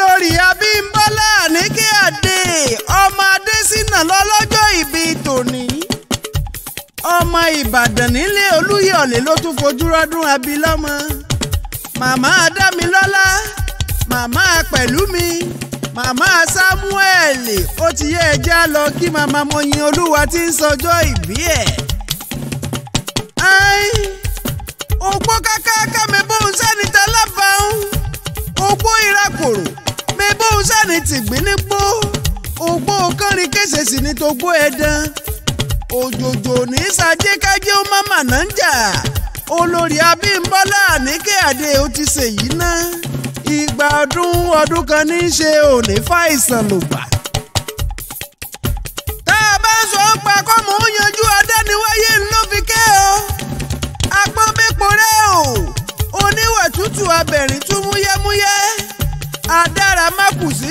olórí abímbọ́lá àníkè àdè ọmọ adésínà lọ́lọ́jọ́ ìbí tòní ọmọ ìbàdàn nílé olúyọ̀lé ló tún fojú rọ́dún abilọ́mọ màmá adámilọ́lá màmá pẹ̀lúmi màmá samuel ó ti yẹ ẹja lọ kí màmá mọyìn olúwa tí ń sọjọ́ ìbí ẹ̀. ogbó ogbó kánrin kése sì ní togbó ẹdán òjòjò ní sàjẹkájẹ ó má màná ń jà olórí Abímbọ́lá àníkẹ́ àdé ó ti ṣèyí ná ìgbà ọdún ọdún kan ní í ṣe òní fàìsàn lògbà. tá a bá sọ pa kọ́mọ ó yan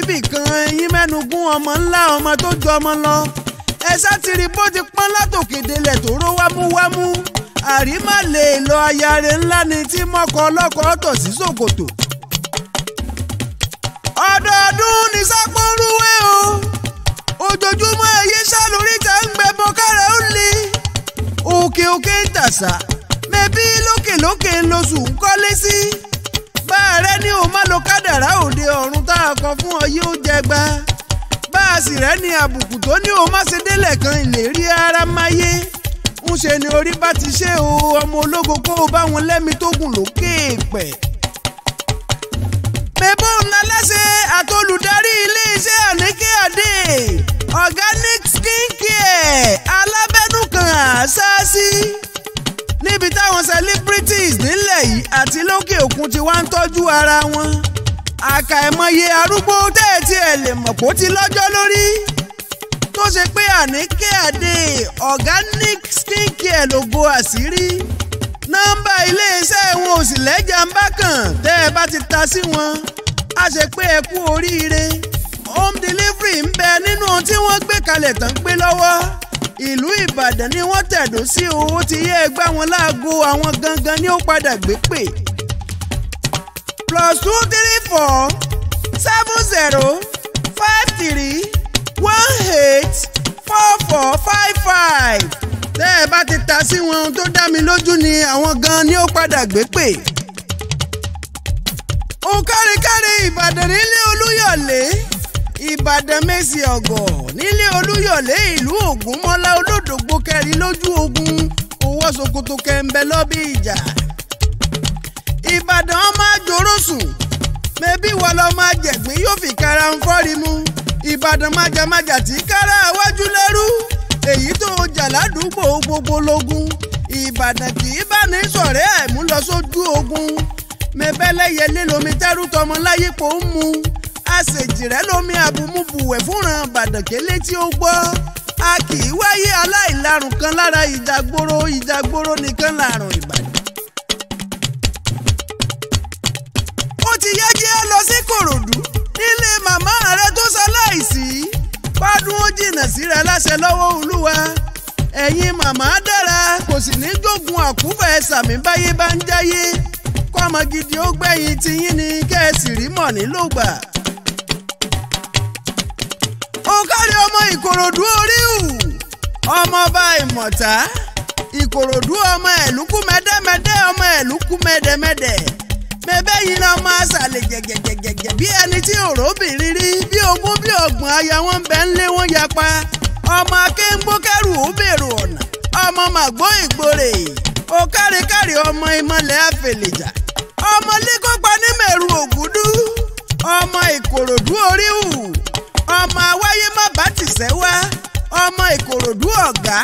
níbìkan ẹ̀yin mẹ́nu gún ọmọ ńlá ọmọ tó ju ọmọ lọ ẹ sá ti rí bó ti pọ́n látòkèdè lẹ̀ tó ró wámúwámú àrímà lè lọ ayáre ńlá ni tí mọ́kọ ọlọ́kọ tọ̀ sí ṣòkòtò. ọdọọdún ní sápó rúwé o ojoojúmọ́ ẹyẹ sá lórí tẹ̀ ń gbẹ bọ́kárẹ̀ ó le òkè òkè ń tàṣà mẹ́bí lókè lókè ń lóṣù ń kọ́lé sí. bá a rẹ ní o má lo kádàrá òde ọ̀run tá sì rẹ́ ni àbùkù tó ní òun má ṣe délẹ̀ kan ìlérí ara máyé ń ṣe ni orí bá ti ṣe o ọmọ ológo kó o bá wọn lẹ́mi tó gùn lókè pẹ̀. mẹ́bọ̀n aláṣẹ àtolùdarí iléeṣẹ́ àníkè àdè organic kàkà ẹ̀mọye arúgbó tẹ́ẹ̀tì ẹ̀ lè mọ̀ kó ti lọ́jọ́ lórí tó ṣe pé àníkẹ́ àdé organic skincare ló bo àṣírí nọ́mbà iléeṣẹ́ wọn ò sì lẹ́jà ń bá kàn tẹ́ ẹ bá ti ta sí wọn a ṣe pé ẹ kú oríire home delivery ń bẹ nínú ohun tí wọ́n gbé kalẹ̀ tán gbé lọ́wọ́ ìlú Ìbàdàn ni wọ́n tẹ̀dó sí owó ti yẹ ẹ gbá wọn láago àwọn gangan ni ó padà gbé pè plus two three four seven zero five three one eight four four five five. tẹ́ ẹ bá ti ta sí wọn ohun tó dá mi lójú ni àwọn gan-an ni ó padà gbé pè. ó kárikári ìbàdàn nílé olúyọ̀lé ìbàdàn mẹ́sì ọ̀gọ̀ nílé olúyọ̀lé ìlú ògúnmọ́lá olódògbò kẹrin lójú ogun owó ṣòkòtò kẹ̀ǹbẹ̀ lọ́bí ìjà ìbàdàn ọmọ àjọ gúúsù mẹ́bí wọ́n lọ máa jẹ̀gbín yóò fi kára ń fọ́rí mu ìbàdàn májàmájà tí kára àwájú lẹ́rú èyí tó jà ládùúgbò gbogbo lógún ìbàdàn kì í bá ní sọ̀rẹ́ àìmú lọ sójú ogun mẹ́bẹ́lẹ́yẹ lílomi tẹ́rù tọmọ láyípo ń mu àṣejìrẹ́ lomi àbùmùbùwẹ̀ fúnran bàdànkélé tí ó gbọ́ a kì í wáyé aláìlarùn kan lára ìjàgboro ìjàgboro nìkan làrùn ìbàdàn. jìnnà síra láṣẹ lọ́wọ́ olúwa ẹ̀yin màmá dára kò sì ní jogun àkúfẹ́ sàmì báyé bá ń jáyé kọ́ ọmọ gidi ó gbẹ̀yìn tiyín ni kẹ́ ẹ sì rí mọ̀ nílògbà. ó kárí ọmọ ìkòròdú ọmọọba ìmọ̀ta yi yìí ọmọ máa ṣàlè gẹ̀gẹ̀gẹ̀gẹ̀ bí ẹni tí òróbìnrin rí bí ogún bí ọgbọ̀n aya wọn ń bẹ ń lé wọn pa ọmọ akéńgbó kẹrù ó bèrò ọ̀nà ọmọ màgbó ìgbòrè ó káríkárí ọmọ àfẹlẹ̀jà ọmọ ní ògúdú ọmọ ìkòròdú ọmọ má bá wá ọmọ ìkòròdú ọ̀gá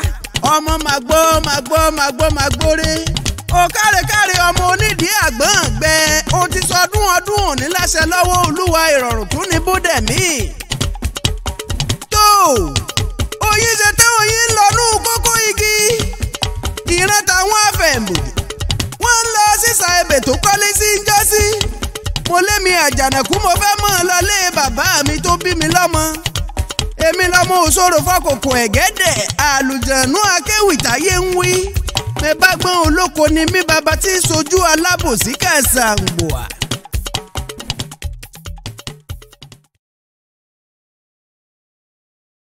ọmọ màgbó màgbó màgbó ó káríkárí ọmọ oní. nídìí àgbọ̀n gbẹ o ti sọdún ọdún òní láṣẹ lọ́wọ́ olúwa ìrọ̀rùn tún ní bódẹ̀mí. tó oyin ṣe tẹ́ oyin lọ́nú kókó igi ìran táwọn afẹ̀mọ̀dì wọ́n ń lọ sísà ebè tó kọ́lé sí ń jọ́sí. mo lé mi àjànàkú mo fẹ́ mọ̀ ọ́ lọ lé bàbá mi tó bí mi lọ́mọ èmi lọ́mọ òṣòro fọkòkò ẹ̀gẹ́dẹ̀ àlùjànnú akéwìtáyé ń wí ẹ bá gbọ́n olóko ni mí bàbá tí ń sojú alábòsí kẹsàn-án wà.